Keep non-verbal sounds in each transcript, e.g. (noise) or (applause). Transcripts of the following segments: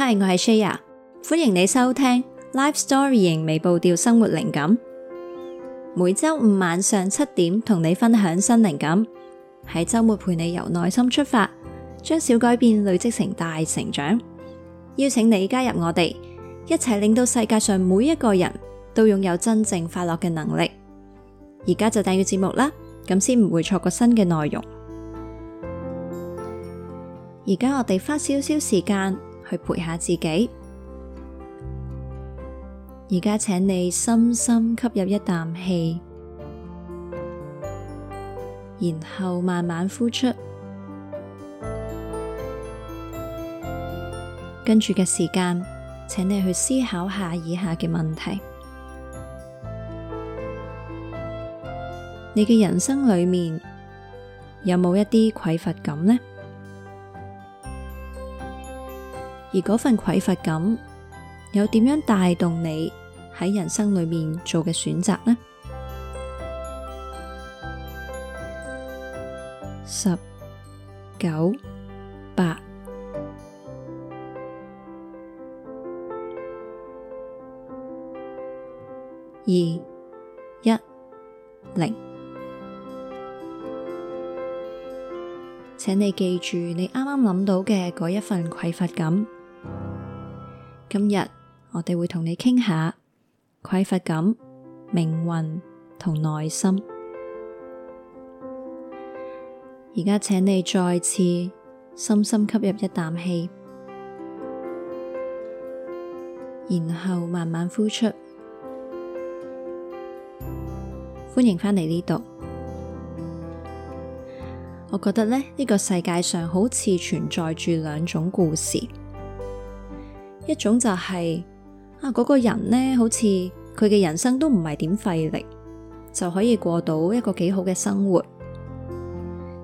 嗨，Hi, 我係 Shaya 歡迎你收聽 Life Storying 微步調生活靈感，每周五晚上七點同你分享新靈感，喺周末陪你由內心出發，將小改變累積成大成長。邀請你加入我哋，一齊令到世界上每一個人都擁有真正快樂嘅能力。而家就訂閱節目啦，咁先唔會錯過新嘅內容。而家我哋花少少時間。去陪下自己。而家請你深深吸入一啖氣，然後慢慢呼出。跟住嘅時間，請你去思考下以下嘅問題：你嘅人生裏面有冇一啲匱乏感呢？而嗰份匱乏感，又點樣帶動你喺人生裏面做嘅選擇呢？十九八二一零，請你記住你啱啱諗到嘅嗰一份匱乏感。今日我哋會同你傾下匱乏感、命運同內心。而家請你再次深深吸入一啖氣，然後慢慢呼出。歡迎返嚟呢度。我覺得咧，呢個世界上好似存在住兩種故事。一種就係啊，嗰個人呢，好似佢嘅人生都唔係點費力，就可以過到一個幾好嘅生活，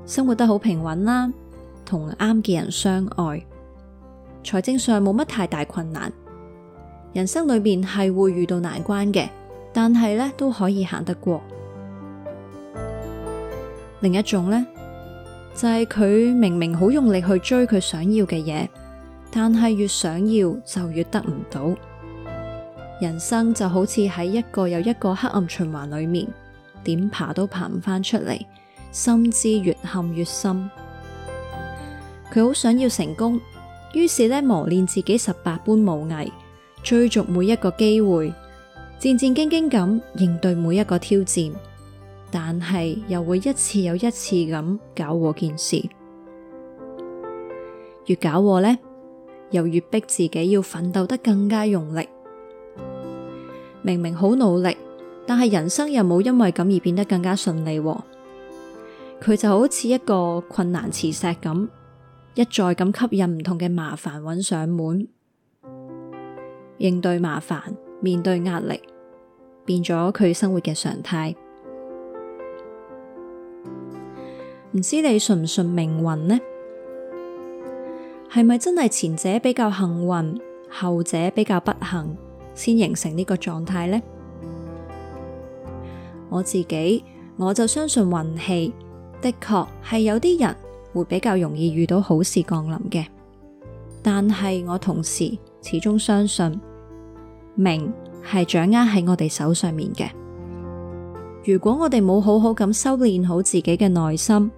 生活得好平穩啦，同啱嘅人相愛，財政上冇乜太大困難，人生裏面係會遇到難關嘅，但係呢都可以行得過。另一種呢，就係佢明明好用力去追佢想要嘅嘢。但係越想要就越得唔到，人生就好似喺一個又一個黑暗循環裏面，點爬都爬唔翻出嚟，甚至越陷越深。佢好想要成功，於是咧磨練自己十八般武藝，追逐每一個機會，戰戰兢兢咁應對每一個挑戰，但係又會一次又一次咁搞禍件事，越搞禍呢。又越逼自己要奮鬥得更加用力，明明好努力，但係人生又冇因為咁而變得更加順利哦。佢就好似一個困難磁石咁，一再咁吸引唔同嘅麻煩揾上門，應對麻煩、面對壓力，變咗佢生活嘅常態。唔知你信唔信命運呢？係咪真係前者比較幸運，後者比較不幸，先形成呢個狀態呢？我自己我就相信運氣，的確係有啲人會比較容易遇到好事降臨嘅。但係我同時始終相信，命係掌握喺我哋手上面嘅。如果我哋冇好好咁修煉好自己嘅內心，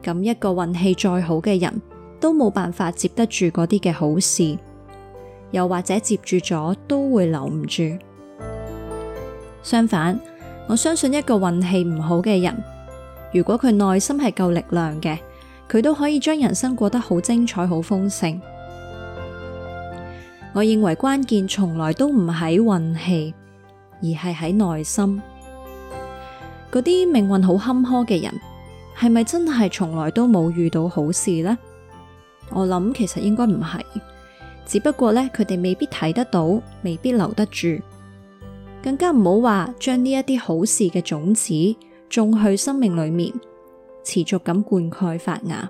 咁一個運氣再好嘅人。都冇辦法接得住嗰啲嘅好事，又或者接住咗都會留唔住。相反，我相信一個運氣唔好嘅人，如果佢內心係夠力量嘅，佢都可以將人生過得好精彩、好豐盛。我認為關鍵從來都唔喺運氣，而係喺內心。嗰啲命運好坎坷嘅人，係咪真係從來都冇遇到好事呢？我諗其實應該唔係，只不過咧，佢哋未必睇得到，未必留得住，更加唔好話將呢一啲好事嘅種子種去生命裏面，持續咁灌溉發芽。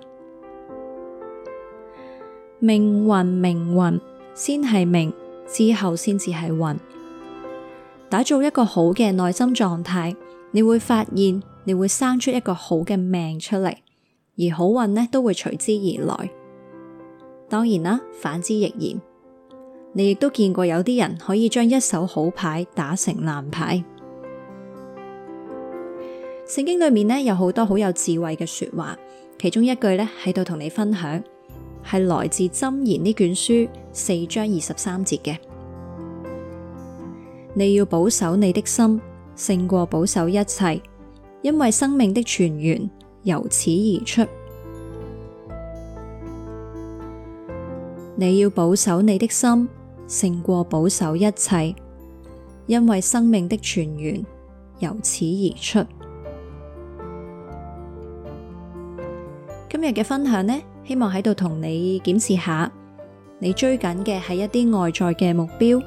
命運，命運先係命，之後先至係運。打造一個好嘅內心狀態，你會發現你會生出一個好嘅命出嚟，而好運呢都會隨之而來。當然啦，反之亦然。你亦都見過有啲人可以將一手好牌打成爛牌。聖經裏面呢，有好多好有智慧嘅說話，其中一句呢，喺度同你分享，係來自《箴言》呢卷書四章二十三節嘅：你要保守你的心，勝過保守一切，因為生命的泉源由此而出。你要保守你的心，勝過保守一切，因為生命的泉源由此而出。今日嘅分享呢，希望喺度同你檢視下，你追緊嘅係一啲外在嘅目標，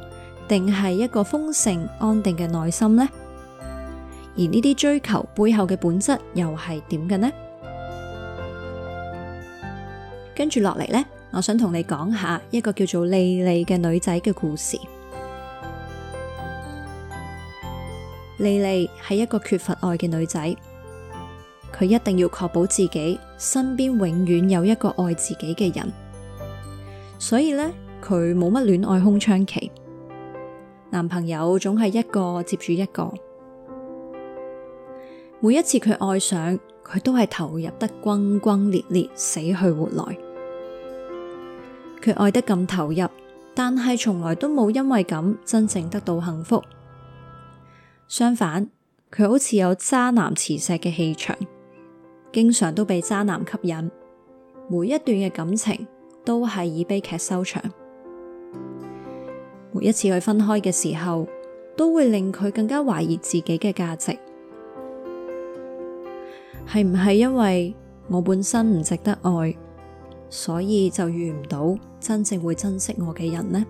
定係一個豐盛安定嘅內心呢？而呢啲追求背後嘅本質又係點嘅呢？跟住落嚟呢，我想同你講下一個叫做莉莉嘅女仔嘅故事。莉莉係一個缺乏愛嘅女仔，佢一定要確保自己身邊永遠有一個愛自己嘅人，所以呢，佢冇乜戀愛空窗期，男朋友總係一個接住一個。每一次佢愛上，佢都係投入得轟轟烈烈、死去活來。佢愛得咁投入，但係從來都冇因為咁真正得到幸福。相反，佢好似有渣男磁石嘅氣場，經常都被渣男吸引。每一段嘅感情都係以悲劇收場。每一次佢分開嘅時候，都會令佢更加懷疑自己嘅價值。係唔係因為我本身唔值得愛？所以就遇唔到真正會珍惜我嘅人呢？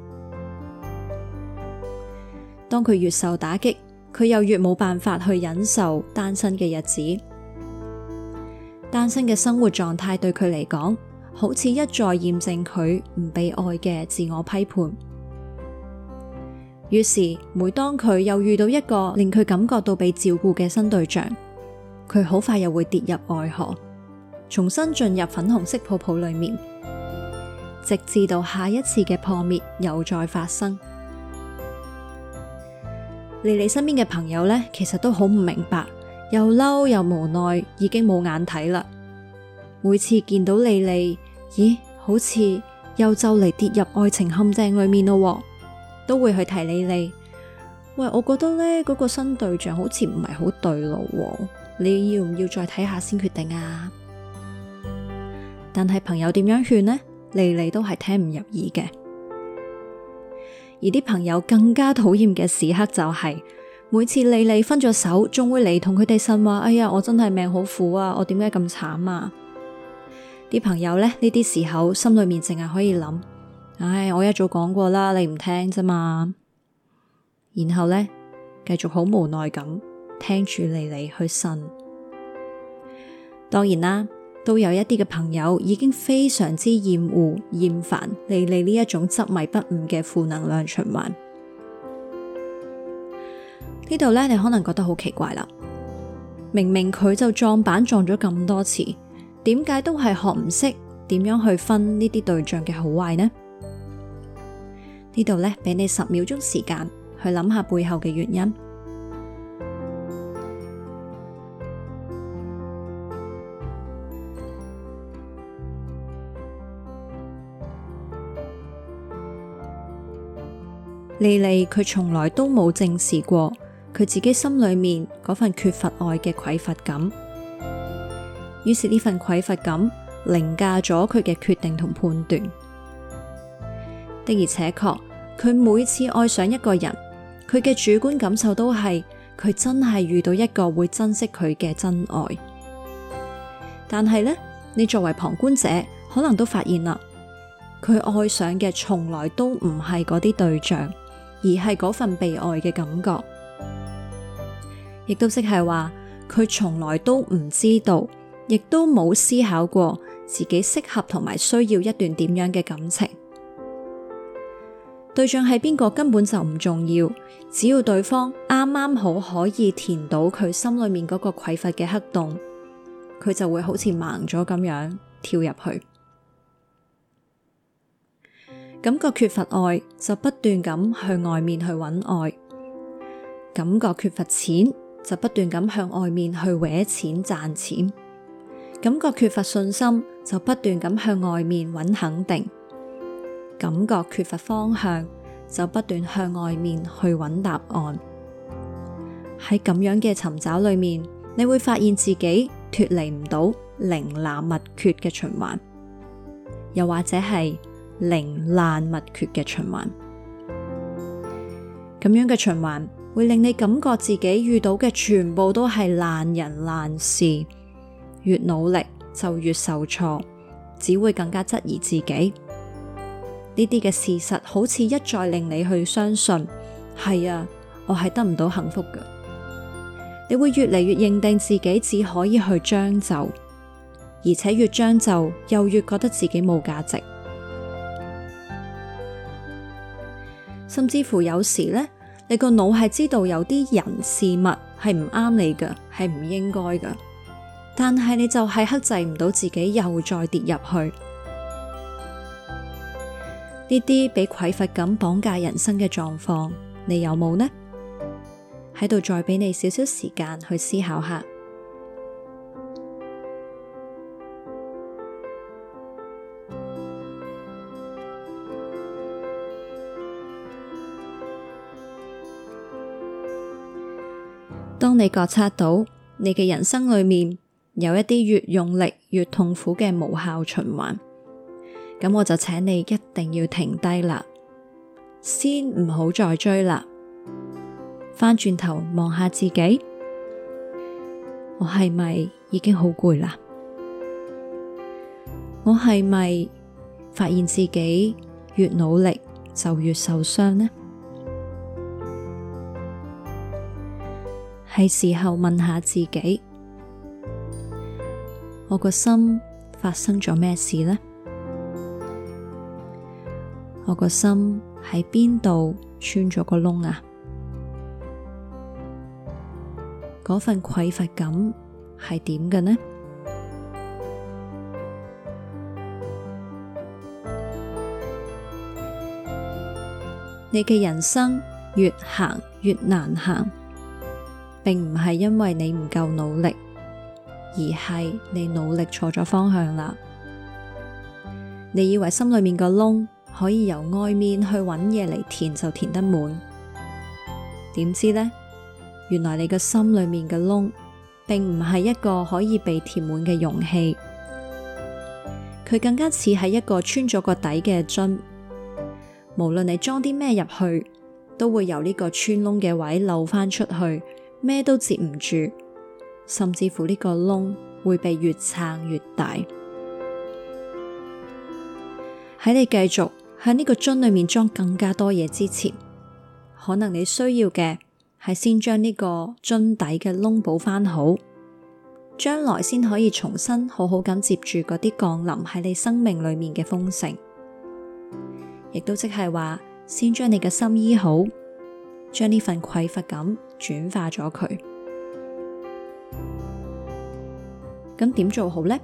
當佢越受打擊，佢又越冇辦法去忍受單身嘅日子。單身嘅生活狀態對佢嚟講，好似一再驗證佢唔被愛嘅自我批判。於是，每當佢又遇到一個令佢感覺到被照顧嘅新對象，佢好快又會跌入愛河。重新進入粉紅色泡泡裏面，直至到下一次嘅破滅又再發生。莉莉身邊嘅朋友呢，其實都好唔明白，又嬲又無奈，已經冇眼睇啦。每次見到莉莉，咦，好似又就嚟跌入愛情陷阱裏面咯，都會去提莉莉。喂，我覺得呢嗰個新對象好似唔係好對路，你要唔要再睇下先決定啊？但係朋友點樣勸呢？莉莉都係聽唔入耳嘅，而啲朋友更加討厭嘅時刻就係每次莉莉分咗手，仲會嚟同佢哋呻話：哎呀，我真係命好苦啊！我點解咁慘啊？啲朋友呢，呢啲時候心裏面淨係可以諗：唉，我一早講過啦，你唔聽啫嘛。然後呢，繼續好無奈咁聽住莉莉去呻。當然啦。都有一啲嘅朋友已經非常之厭惡、厭煩你哋呢一種執迷不悟嘅負能量循環。呢度呢，你可能覺得好奇怪啦，明明佢就撞板撞咗咁多次，點解都係學唔識點樣去分呢啲對象嘅好壞呢？呢度呢，俾你十秒鐘時間去諗下背後嘅原因。莉莉佢從來都冇正視過佢自己心裏面嗰份缺乏愛嘅匱乏感，於是呢份匱乏感凌駕咗佢嘅決定同判斷。的而且確，佢每次愛上一個人，佢嘅主觀感受都係佢真係遇到一個會珍惜佢嘅真愛。但係呢，你作為旁觀者，可能都發現啦，佢愛上嘅從來都唔係嗰啲對象，而係嗰份被愛嘅感覺，亦都即係話佢從來都唔知道，亦都冇思考過自己適合同埋需要一段點樣嘅感情。 (noise) 對象係邊個根本就唔重要，只要對方啱啱好可以填到佢心裏面嗰個匱乏嘅黑洞，佢就會好似盲咗咁樣跳入去。感覺缺乏愛，就不斷咁向外面去揾愛；感覺缺乏錢，就不斷咁向外面去搵錢賺錢；感覺缺乏信心，就不斷咁向外面揾肯定；感覺缺乏方向，就不斷向外面去揾答案。喺咁樣嘅尋找裏面，你會發現自己脫離唔到令你匱乏嘅循環，又或者係。零爛勿缺嘅循環，咁樣嘅循環會令你感覺自己遇到嘅全部都係爛人爛事，越努力就越受挫，只會更加質疑自己。呢啲嘅事實好似一再令你去相信係啊，我係得唔到幸福㗎。你會越嚟越認定自己只可以去將就，而且越將就又越覺得自己冇價值。甚至乎有時咧，你個腦係知道有啲人事物係唔啱你嘅，係唔應該嘅，但係你就係克制唔到自己，又再跌入去呢啲被匱乏感綁架人生嘅狀況，你有冇呢？喺度再俾你少少時間去思考下。當你覺察到你嘅人生裏面有一啲越用力越痛苦嘅無效循環，咁我就請你一定要停低啦，先唔好再追啦。返轉頭望下自己，我係咪已經好攰啦？我係咪發現自己越努力就越受傷呢？係時候問下自己，我個心發生咗咩事呢？我個心喺邊度穿咗個窿啊？嗰份匱乏感係點嘅呢？你嘅人生越行越難行。並唔係因為你唔夠努力，而係你努力錯咗方向啦。你以為心裏面個窿可以由外面去揾嘢嚟填就填得滿，點知呢？原來你個心裏面嘅窿，並唔係一個可以被填滿嘅容器，佢更加似係一個穿咗個底嘅樽，無論你裝啲咩入去，都會由呢個穿窿嘅位漏翻出去。咩都接唔住，甚至乎呢個窿會被越撐越大。喺你繼續喺呢個樽裏面裝更加多嘢之前，可能你需要嘅係先將呢個樽底嘅窿補翻好，將來先可以重新好好咁接住嗰啲降臨喺你生命裏面嘅豐盛，亦都即係話先將你嘅心醫好。將呢份匱乏感轉化咗佢，咁點做好呢？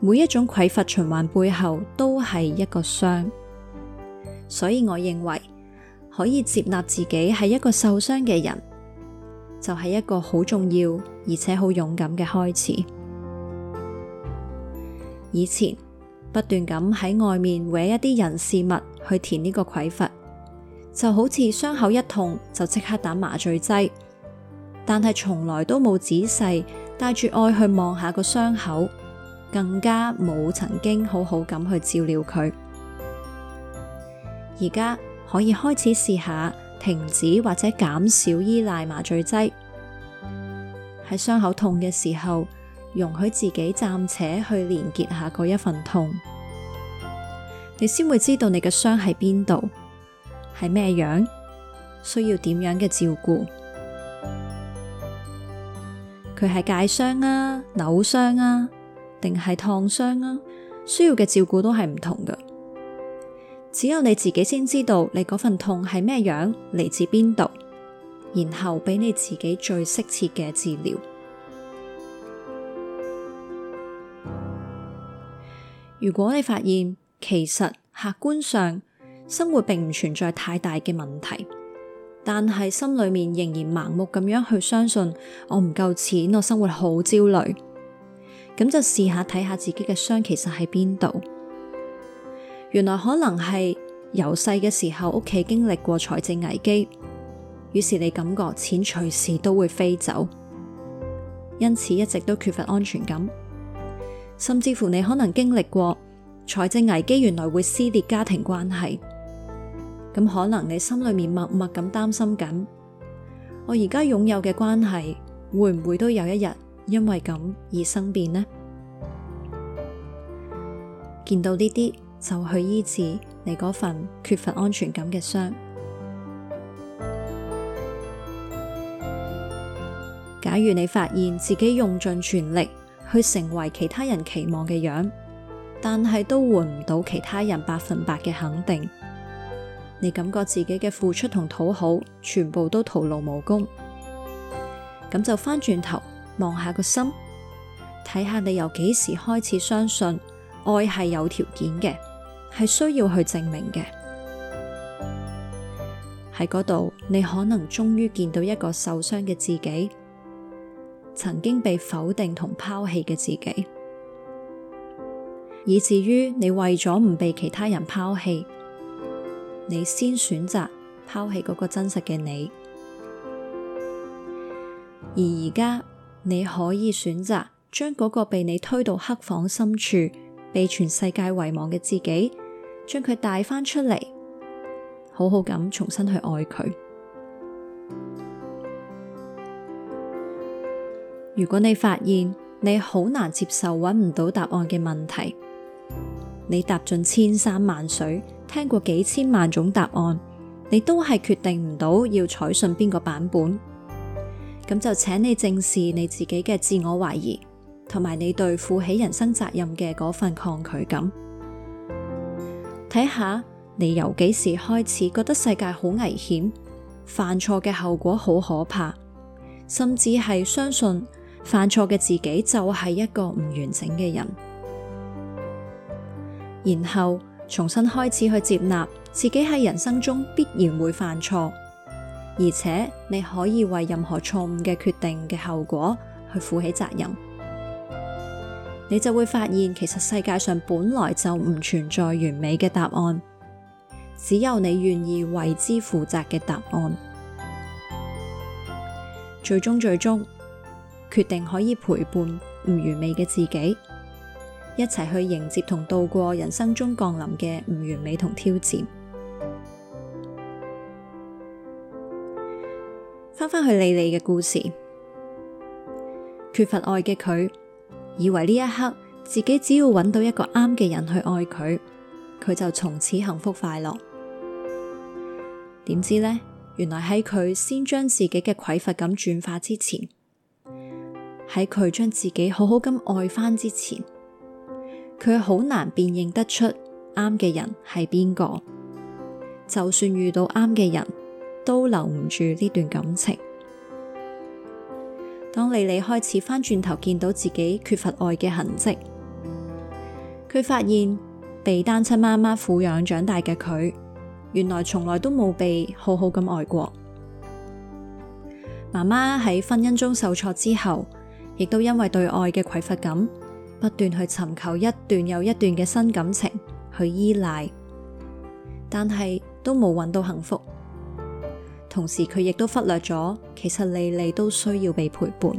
每一種匱乏循環背後都係一個傷，所以我認為可以接納自己係一個受傷嘅人，就係一個好重要而且好勇敢嘅開始。以前不斷咁喺外面搲一啲人事物去填呢個匱乏。就好似傷口一痛就即刻打麻醉劑，但係從來都冇仔細帶住愛去望下個傷口，更加冇曾經好好咁去照料佢。而家可以開始試下停止或者減少依賴麻醉劑，喺傷口痛嘅時候，容許自己暫且去連結下嗰一份痛，你先會知道你嘅傷喺邊度。係咩樣？需要點樣嘅照顧？佢係界傷啊、扭傷啊，定係燙傷啊？需要嘅照顧都係唔同㗎。只有你自己先知道你嗰份痛係咩樣，嚟自邊度，然後俾你自己最適切嘅治療。如果你發現其實客觀上，生活並唔存在太大嘅問題，但係心裏面仍然盲目咁樣去相信我唔夠錢，我生活好焦慮。咁就試下睇下自己嘅傷其實喺邊度。原來可能係由細嘅時候屋企經歷過財政危機，於是你感覺錢隨時都會飛走，因此一直都缺乏安全感。甚至乎你可能經歷過財政危機，原來會撕裂家庭關係。咁可能你心裏面默默咁擔心緊，我而家擁有嘅關係會唔會都有一日因為咁而生變呢？見到呢啲就去醫治你嗰份缺乏安全感嘅傷。假如你發現自己用盡全力去成為其他人期望嘅樣，但係都換唔到其他人百分百嘅肯定。你感覺自己嘅付出同討好，全部都徒勞無功，咁就翻轉頭望下個心，睇下你由幾時開始相信愛係有條件嘅，係需要去證明嘅。喺嗰度，你可能終於見到一個受傷嘅自己，曾經被否定同拋棄嘅自己，以至於你為咗唔被其他人拋棄。你先選擇拋棄嗰個真實嘅你，而而家你可以選擇將嗰個被你推到黑房深處、被全世界遺忘嘅自己，將佢帶返出嚟，好好咁重新去愛佢。如果你發現你好難接受揾唔到答案嘅問題，你踏進千山萬水，聽過幾千萬種答案，你都係決定唔到要採信邊個版本，咁就請你正視你自己嘅自我懷疑，同埋你對負起人生責任嘅嗰份抗拒感，睇下你由幾時開始覺得世界好危險，犯錯嘅後果好可怕，甚至係相信犯錯嘅自己就係一個唔完整嘅人，然後。重新開始去接納自己喺人生中必然會犯錯，而且你可以為任何錯誤嘅決定嘅後果去負起責任，你就會發現其實世界上本來就唔存在完美嘅答案，只有你願意為之負責嘅答案。最終最終，決定可以陪伴唔完美嘅自己。一齊去迎接同度過人生中降臨嘅唔完美同挑戰。翻返去莉莉嘅故事，缺乏愛嘅佢，以為呢一刻自己只要揾到一個啱嘅人去愛佢，佢就從此幸福快樂。點知呢？原來喺佢先將自己嘅匱乏感轉化之前，喺佢將自己好好咁愛返之前。佢好難辨認得出啱嘅人係邊個，就算遇到啱嘅人，都留唔住呢段感情。當莉莉開始返轉頭見到自己缺乏愛嘅痕跡，佢發現被單親媽媽撫養長大嘅佢，原來從來都冇被好好咁愛過。媽媽喺婚姻中受挫之後，亦都因為對愛嘅匱乏感，不斷去尋求一段又一段嘅新感情去依賴，但係都冇搵到幸福。同時佢亦都忽略咗，其實莉莉都需要被陪伴。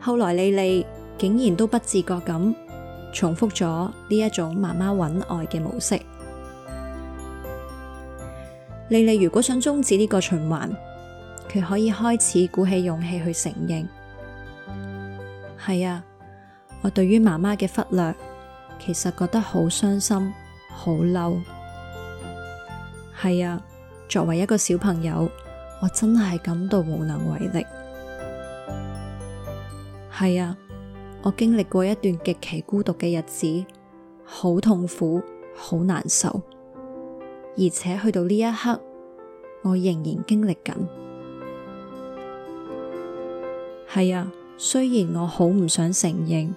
後來莉莉竟然都不自覺咁重複咗呢一種媽媽搵愛嘅模式。莉莉如果想終止呢個循環，佢可以開始鼓起勇氣去承認。係啊，我對於媽媽嘅忽略，其實覺得好傷心、好嬲。係啊，作為一個小朋友，我真係感到無能為力。係啊，我經歷過一段極其孤獨嘅日子，好痛苦、好難受，而且去到呢一刻，我仍然經歷緊。係啊。雖然我好唔想承認，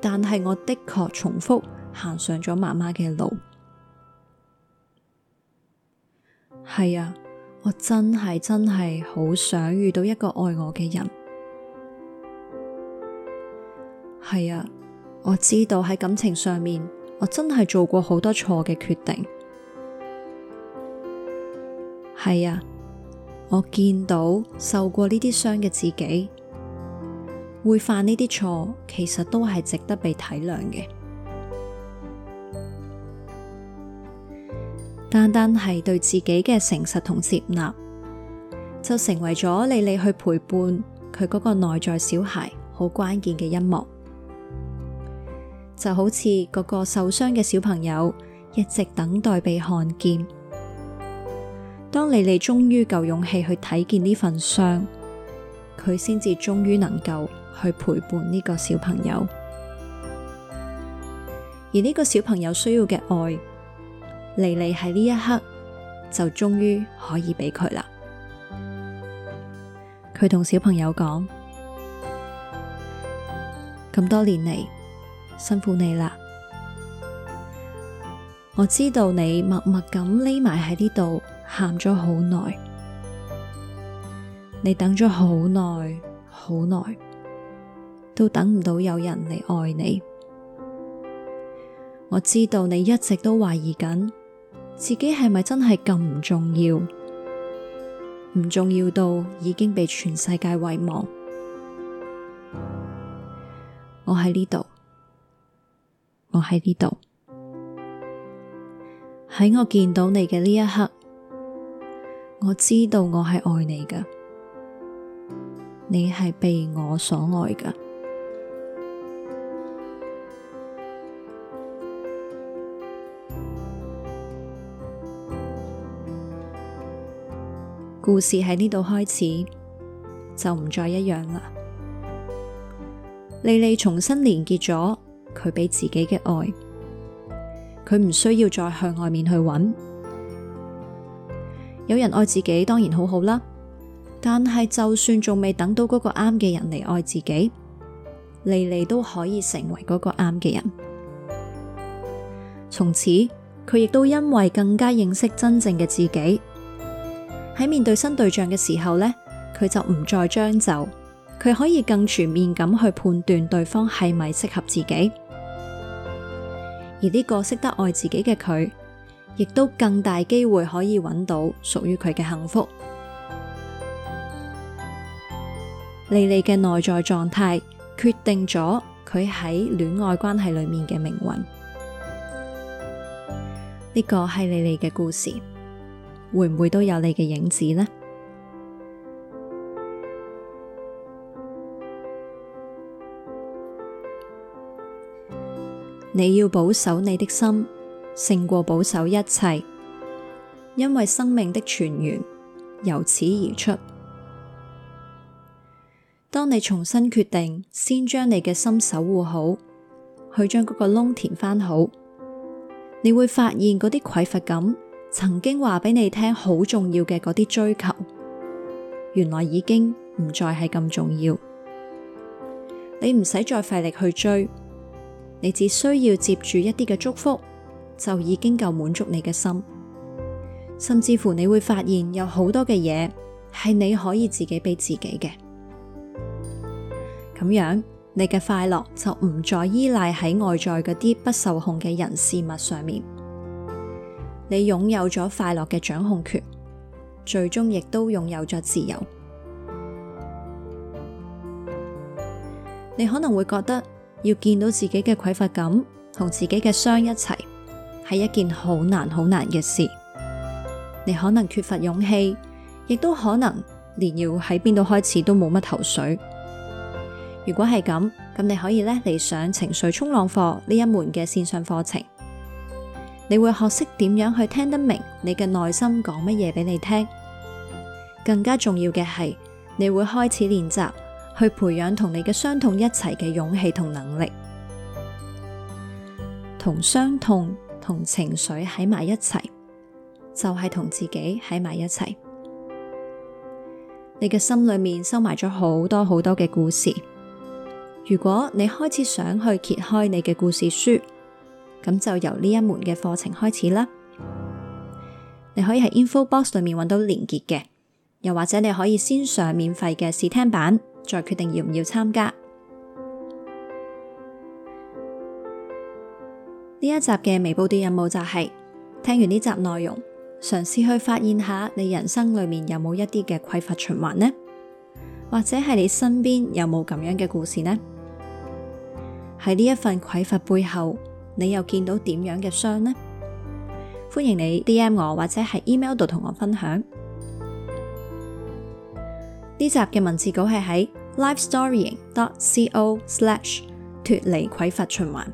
但係我的確重複行上咗媽媽嘅路。係啊，我真係真係好想遇到一個愛我嘅人。係啊，我知道喺感情上面，我真係做過好多錯嘅決定。係啊，我見到受過呢啲傷嘅自己。會犯呢啲錯，其實都係值得被體諒嘅。單單係對自己嘅誠實同接納，就成為咗莉莉去陪伴佢嗰個內在小孩好關鍵嘅一幕。就好似嗰個受傷嘅小朋友一直等待被看見，當莉莉終於夠勇氣去睇見呢份傷，佢先至終於能夠去陪伴呢個小朋友，而呢個小朋友需要嘅愛，麗麗喺呢一刻就終於可以俾佢啦。佢同小朋友講：咁多年嚟，辛苦你啦！我知道你默默咁匿埋喺呢度，喊咗好耐。你等咗好耐，好耐，都等唔到有人嚟愛你。我知道你一直都懷疑緊自己係咪真係咁唔重要，唔重要到已經被全世界遺忘。我喺呢度，我喺呢度。喺我見到你嘅呢一刻，我知道我係愛你㗎。你係被我所愛嘅，故事喺呢度開始就唔再一樣啦。莉莉重新連結咗佢畀自己嘅愛，佢唔需要再向外面去揾，有人愛自己當然好好啦。但係，就算仲未等到嗰個啱嘅人嚟愛自己，莉莉都可以成為嗰個啱嘅人。從此，佢亦都因為更加認識真正嘅自己，喺面對新對象嘅時候呢，佢就唔再將就，佢可以更全面咁去判斷對方係咪適合自己。而呢個識得愛自己嘅佢，亦都更大機會可以揾到屬於佢嘅幸福。莉莉嘅內在狀態決定咗佢喺戀愛關係裡面嘅命運。呢個係莉莉嘅故事，會唔會都有你嘅影子呢？你要保守你的心，勝過保守一切，因為生命的泉源由此而出。當你重新決定，先將你嘅心守護好，去將嗰個窿填翻好，你會發現嗰啲匱乏感，曾經話俾你聽好重要嘅嗰啲追求，原來已經唔再係咁重要。你唔使再費力去追，你只需要接住一啲嘅祝福就已經夠滿足你嘅心，甚至乎你會發現有好多嘅嘢係你可以自己俾自己嘅。咁樣，你嘅快樂就唔再依賴喺外在嗰啲不受控嘅人事物上面。你擁有咗快樂嘅掌控權，最終亦都擁有咗自由。你可能會覺得要見到自己嘅匱乏感同自己嘅傷一齊係一件好難好難嘅事。你可能缺乏勇氣，亦都可能連要喺邊度開始都冇乜頭緒。如果係咁，咁你可以咧嚟，上情緒衝浪課呢一門嘅線上課程，你會學識點樣去聽得明你嘅內心講乜嘢俾你聽。更加重要嘅係，你會開始練習去培養同你嘅傷痛一齊嘅勇氣同能力，同傷痛同情緒喺埋一齊，就係同自己喺埋一齊。你嘅心裏面收埋咗好多好多嘅故事。如果你開始想去揭開你嘅故事書，咁就由呢一門嘅課程開始啦。你可以喺 info box 裏面揾到連結嘅，又或者你可以先上免費嘅試聽版，再決定要唔要參加。呢 (music) 一集嘅微報，就是，嘅任務就係聽完呢集內容，嘗試去發現下你人生裏面有冇一啲嘅匱乏循環呢？或者係你身邊有冇咁樣嘅故事呢？喺呢一份匱乏背後，你又見到點樣嘅傷呢？歡迎你 D M 我或者係 email 度同我分享呢集嘅文字稿，係喺 lifestorying.co/slash 脱離匱乏循環。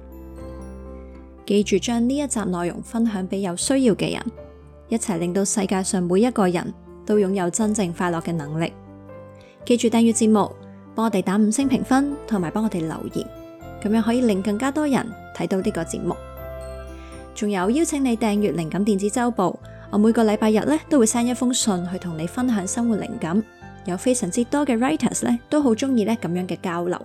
記住將呢一集內容分享俾有需要嘅人，一齊令到世界上每一個人都擁有真正快樂嘅能力。記住訂閱節目，幫我哋打五星評分，同埋幫我哋留言。咁樣可以令更加多人睇到呢個節目，仲有邀請你訂閱靈感電子週報。我每個禮拜日咧都會 send 一封信去同你分享生活靈感。有非常之多嘅 writers 咧都好中意呢咁樣嘅交流。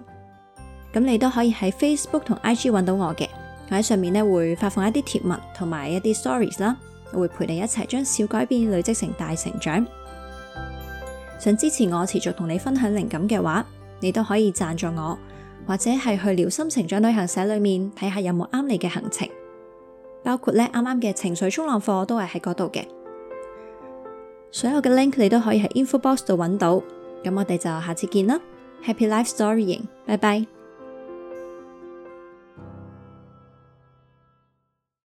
咁你都可以喺 Facebook 同 IG 揾到我嘅。我喺上面咧會發放一啲貼文同埋一啲 stories 啦。我會陪你一齊將小改變累積成大成長。想支持我持續同你分享靈感嘅話，你都可以贊助我。或者係去療心成長旅行社裏面睇下有冇啱你嘅行程，包括咧啱啱嘅情緒衝浪課都係喺嗰度嘅。 (music) 所有嘅 link 你都可以喺 info box 度揾到。咁我哋就下次見啦，Happy Life Storying，拜拜。